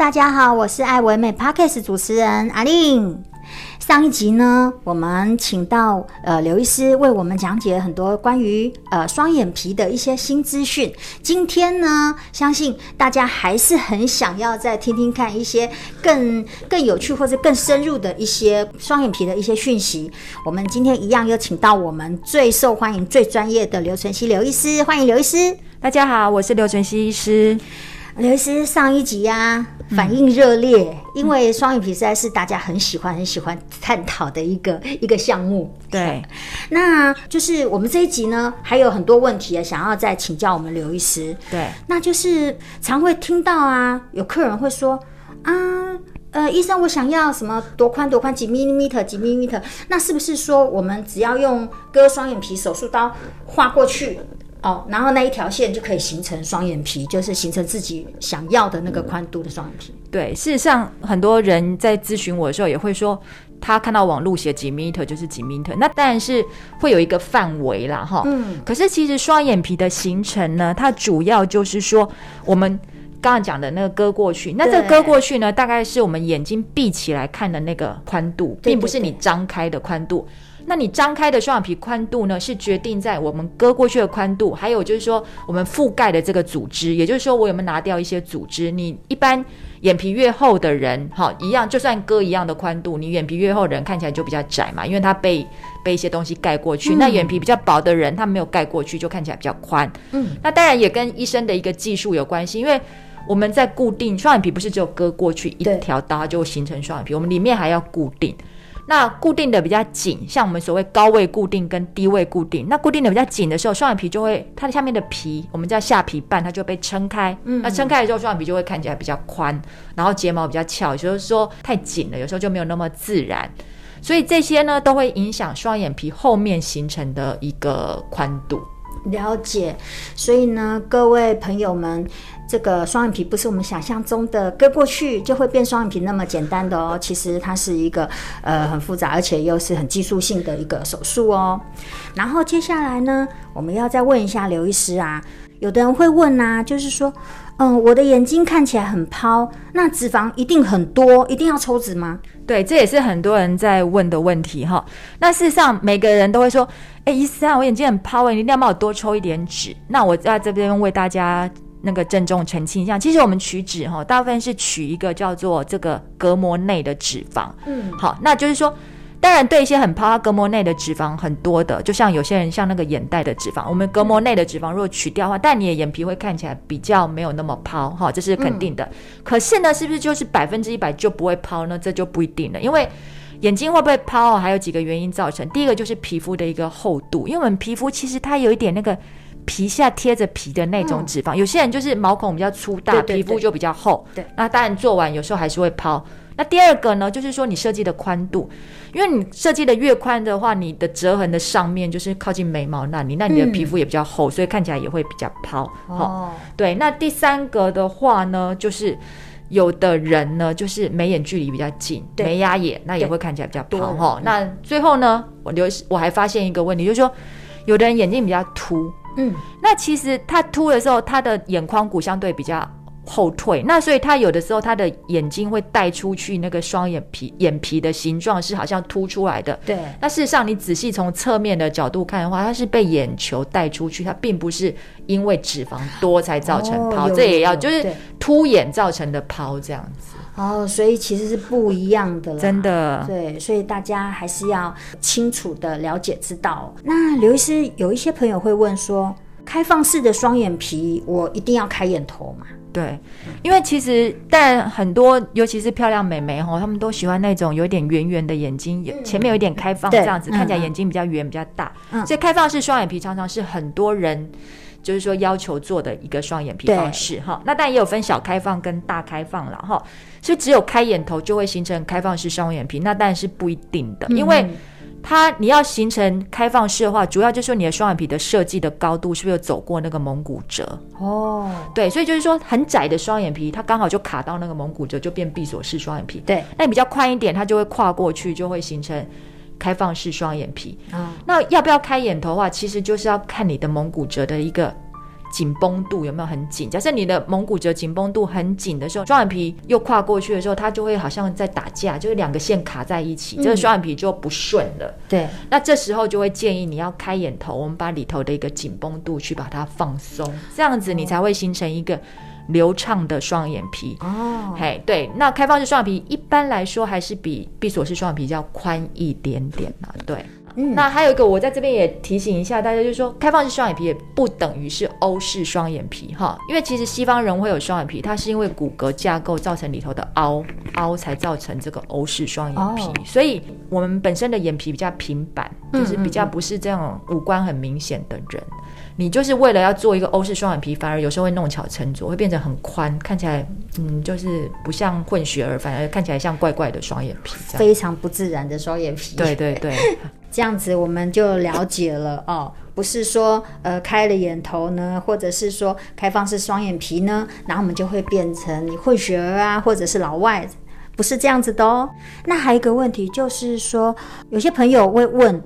大家好，我是愛惟美 Podcast 主持人阿玲。上一集呢，我們請到呃劉醫師為我們講解很多關於呃雙眼皮的一些新資訊。今天呢，相信大家還是很想要再聽聽看一些更更有趣或者更深入的一些雙眼皮的一些訊息。我們今天一樣又請到我們最受歡迎、最專業的劉淳熙劉醫師，歡迎劉醫師。大家好，我是劉淳熙醫師。劉醫師上一集呀、啊，反應熱烈，嗯、因為雙眼皮實在是大家很喜歡、很喜歡探討的一個一個項目。對、嗯，那就是我們這一集呢，還有很多問題啊，想要再請教我們劉醫師。對，那就是常會聽到啊，有客人會說啊，呃，醫生，我想要什麼多寬、多寬幾米、i l l i 幾 mm, 那是不是說我們只要用割雙眼皮手術刀劃過去？哦，然後那一條線就可以形成雙眼皮，就是形成自己想要的那個寬度的雙眼皮。嗯、對，事實上很多人在諮詢我的時候，也會說他看到網路寫幾米特就是幾米特，那當然是會有一個範圍啦。哈。嗯，可是其實雙眼皮的形成呢，它主要就是說我們剛剛講的那個割過去，那這割過去呢，對大概是我們眼睛閉起來看的那個寬度，對對對並不是你張開的寬度。那你張開的雙眼皮寬度呢，是決定在我們割過去的寬度，還有就是說我們覆蓋的這個組織，也就是說我有沒有拿掉一些組織。你一般眼皮越厚的人，好，一樣，就算割一樣的寬度，你眼皮越厚的人看起來就比較窄嘛，因為它被被一些東西蓋過去。嗯、那眼皮比較薄的人，他沒有蓋過去，就看起來比較寬。嗯，那當然也跟醫生的一個技術有關係，因為我們在固定雙眼皮不是只有割過去一條刀就形成雙眼皮，對我們裡面還要固定。那固定的比較緊，像我們所謂高位固定跟低位固定，那固定的比較緊的時候，雙眼皮就會它的下面的皮，我們叫下皮瓣，它就被撐開，嗯，那撐開的時候，雙眼皮就會看起來比較寬，然後睫毛比較翹，就是說太緊了，有時候就沒有那麼自然，所以這些呢都會影響雙眼皮後面形成的一個寬度。了解，所以呢，各位朋友們，這個雙眼皮不是我們想象中的割過去就會變雙眼皮那麼簡單的哦，其實它是一個呃很複雜，而且又是很技術性的一個手術哦。然後接下來呢，我們要再問一下劉醫師啊，有的人會問啊，就是說，嗯，我的眼睛看起來很泡，那脂肪一定很多，一定要抽脂嗎？對，這也是很多人在問的問題哈。那事實上，每個人都會說。醫生、欸，我眼睛很泡，你一定要幫我多抽一點脂。那我在這邊為大家那個鄭重澄清一下，其實我們取脂哈、哦，大部分是取一個叫做這個隔膜內的脂肪。嗯，好，那就是說，當然對一些很泡，隔膜內的脂肪很多的，就像有些人像那個眼袋的脂肪，我們隔膜內的脂肪如果取掉的話，嗯、但你的眼皮會看起來比較沒有那麼泡。哈、哦，這是肯定的。嗯、可是呢，是不是就是百分之一百就不會泡呢？這就不一定了，因為。眼睛會不會泡？還有幾個原因造成。第一個就是皮膚的一個厚度，因為我們皮膚其實它有一點那個皮下貼着皮的那種脂肪，嗯、有些人就是毛孔比較粗大，嗯、皮膚就比較厚。對，對，對，那當然做完有時候還是會泡。對那第二個呢，就是說你設計的寬度，因為你設計的越寬的話，你的折痕的上面就是靠近眉毛那裡，那你的皮膚也比較厚，嗯、所以看起來也會比較泡。哦，哦，對。那第三個的話呢，就是。有的人呢，就是眉眼距離比較近，眉壓對眼，那也會看起來比較泡哈。那最後呢，我留我還發現一個問題，就是說，有的人眼睛比較凸。嗯，那其實他凸的時候，他的眼眶骨相對比較後退，那所以他有的時候他的眼睛會帶出去，那個雙眼皮眼皮的形狀是好像凸出來的。對，那事實上你仔細從側面的角度看的話，他是被眼球帶出去，他並不是因為脂肪多才造成泡，哦，這也要就是凸眼造成的泡這樣子。哦，所以其實是不一樣的，真的。對，所以大家還是要清楚的了解知道。那劉醫師有一些朋友會問說。開放式的雙眼皮，我一定要開眼頭嘛？對，因為其實但很多，尤其是漂亮美眉吼，他們都喜歡那種有點圓圓的眼睛，有、嗯、前面有點開放這樣子，對看起來眼睛比較圓、嗯嗯、比較大。所以開放式雙眼皮常常是很多人就是說要求做的一個雙眼皮方式哈對、哦。那但也有分小開放跟大開放了哈、哦。所以只有開眼頭就會形成開放式雙眼皮，那但是不一定的，因為、嗯。它你要形成開放式的話，主要就是說你的雙眼皮的設計的高度是不是有走過那個蒙古褶哦？Oh. 對，所以就是說很窄的雙眼皮，它剛好就卡到那個蒙古褶，就變閉鎖式雙眼皮。對，那你比較寬一點，它就會跨過去，就會形成開放式雙眼皮。啊，oh. 那要不要開眼頭的話，其實就是要看你的蒙古褶的一個。緊繃度有沒有很緊？假設你的蒙古褶緊繃度很緊的時候，雙眼皮又跨過去的時候，它就會好像在打架，就是兩個線卡在一起，嗯、這個雙眼皮就不順了。對，那這時候就會建議你要開眼頭，我們把裡頭的一個緊繃度去把它放鬆，這樣子你才會形成一個流暢的雙眼皮。哦，嘿，hey, 對，那開放式雙眼皮一般來說還是比閉鎖式雙眼皮要寬一點點呢、啊。對。嗯、那還有一個，我在這邊也提醒一下大家，就是說，開放式雙眼皮也不等於是歐式雙眼皮哈，因為其實西方人會有雙眼皮，它是因為骨骼架構造成裡頭的凹凹才造成這個歐式雙眼皮，哦、所以我們本身的眼皮比較平板，就是比較不是這樣五官很明顯的人。嗯嗯嗯。你就是為了要做一個歐式雙眼皮，反而有時候會弄巧成拙，會變成很寬，看起來嗯，就是不像混血兒，反而看起來像怪怪的雙眼皮，非常不自然的雙眼皮。對對對， 這樣子我們就了解了哦，不是說呃開了眼頭呢，或者是說開放式雙眼皮呢，然後我們就會變成你混血兒啊，或者是老外，不是這樣子的哦。那還有一個問題就是說，有些朋友會問，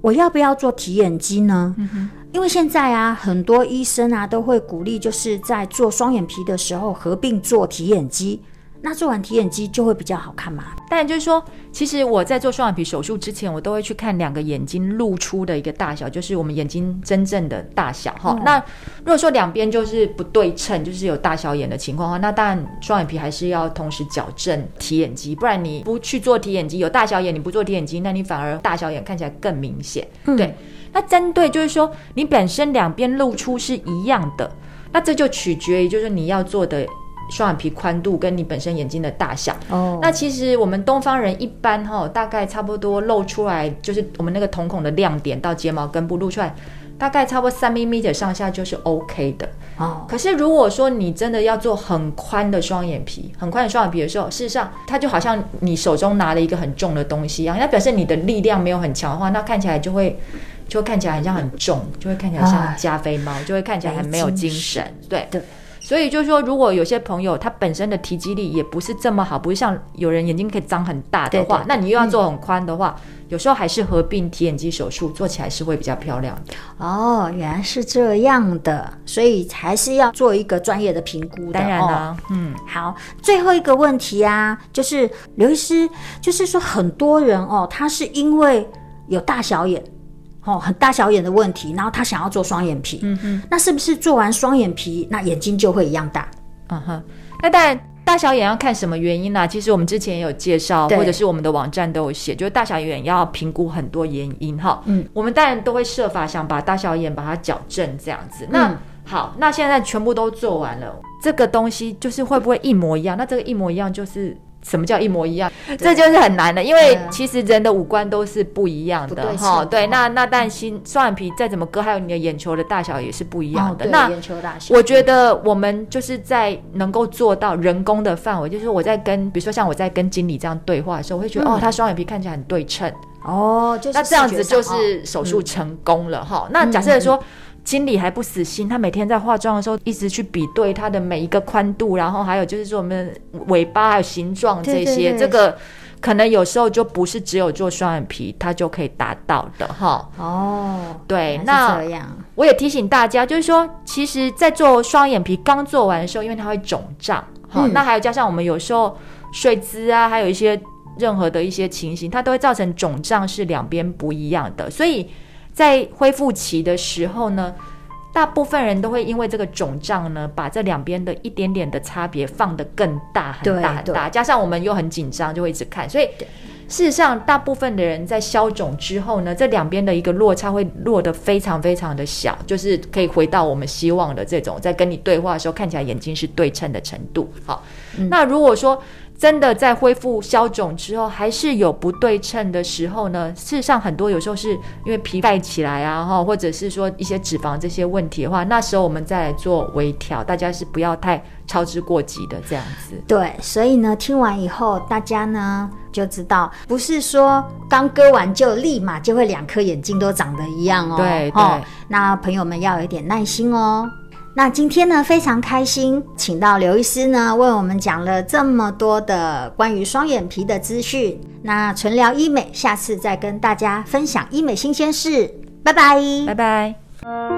我要不要做提眼肌呢？嗯因為現在啊，很多醫生啊都會鼓勵，就是在做雙眼皮的時候合併做提眼肌，那做完提眼肌就會比較好看嘛。但也就是說，其實我在做雙眼皮手術之前，我都會去看兩個眼睛露出的一個大小，就是我們眼睛真正的大小哈。嗯、那如果說兩邊就是不對稱，就是有大小眼的情況哈，那當然雙眼皮還是要同時矯正提眼肌，不然你不去做提眼肌，有大小眼，你不做提眼肌，那你反而大小眼看起來更明顯，嗯、對。那針對就是說，你本身兩邊露出是一樣的，那這就取決於就是你要做的雙眼皮寬度跟你本身眼睛的大小。哦，oh. 那其實我們東方人一般哈、哦，大概差不多露出來就是我們那個瞳孔的亮點到睫毛根部露出來，大概差不多三 mm 的上下就是 OK 的。哦，oh. 可是如果說你真的要做很寬的雙眼皮，很寬的雙眼皮的時候，事實上它就好像你手中拿了一個很重的東西一、啊、樣，那表示你的力量沒有很強的話，那看起來就會。就會看起來很像很重，嗯、就會看起來像加菲貓，啊、就會看起來很沒有精神。對、哎、對，對，所以就是說，如果有些朋友他本身的提肌力也不是這麼好，不是像有人眼睛可以張很大的話，對對對，那你又要做很寬的話，嗯、有時候還是合併、嗯、提眼肌手術做起來是會比較漂亮的。哦，原來是這樣的，所以還是要做一個專業的評估的。當然啦、哦，嗯，好，最後一個問題啊，就是劉醫師，就是說很多人哦，他是因為有大小眼。哦，很大小眼的問題，然後他想要做雙眼皮，嗯嗯，嗯，那是不是做完雙眼皮，那眼睛就會一樣大？嗯哼，那當然大小眼要看什麼原因啦、啊。其實我們之前也有介紹，對或者是我們的網站都有寫，就是大小眼要評估很多原因哈。嗯，我們當然都會設法想把大小眼把它矯正這樣子。那、嗯、好，那現在全部都做完了，這個東西就是會不會一模一樣？嗯、那這個一模一樣就是。什麼叫一模一樣？對這就是很難的，因為其實人的五官都是不一樣的，哈、哦，對，那那但心雙眼皮再怎麼割，還有你的眼球的大小也是不一樣的。哦、那眼球大小、我覺得我們就是在能夠做到人工的範圍，就是我在跟，比如說像我在跟經理這樣對話的時候，我會覺得、嗯、哦，他雙眼皮看起來很對稱，哦，那這樣子就是手術成功了，哈、哦。嗯嗯、那假設說。心裡還不死心，他每天在化妝的時候一直去比對他的每一個寬度，然後還有就是說我們尾巴還有形狀這些，對對對，這個可能有時候就不是只有做雙眼皮它就可以達到的哈。哦，對，那我也提醒大家，就是說，其實在做雙眼皮剛做完的時候，因為它會腫脹，哈、嗯哦，那還有加上我們有時候睡姿啊，還有一些任何的一些情形，它都會造成腫脹是兩邊不一樣的，所以。在恢復期的時候呢，大部分人都會因為這個腫脹呢，把這兩邊的一點點的差別放得更大，很大，很大。對對。加上我們又很緊張，就會一直看。所以事實上，大部分的人在消腫之後呢，這兩邊的一個落差會落得非常非常的小，就是可以回到我們希望的這種，在跟你對話的時候看起來眼睛是對稱的程度。好，嗯。那如果說。真的在恢復消腫之後，還是有不對稱的時候呢。事實上，很多有時候是因為皮蓋起來啊，或者是說一些脂肪這些問題的話，那時候我們再來做微調。大家是不要太操之過急的這樣子。對，所以呢，聽完以後大家呢就知道，不是說剛割完就立馬就會兩顆眼睛都長得一樣哦。對對、哦，那朋友們要有一點耐心哦。那今天呢，非常開心，請到劉醫師呢，為我們講了這麼多的關於雙眼皮的資訊。那純聊醫美，下次再跟大家分享醫美新鮮事。拜拜，拜拜。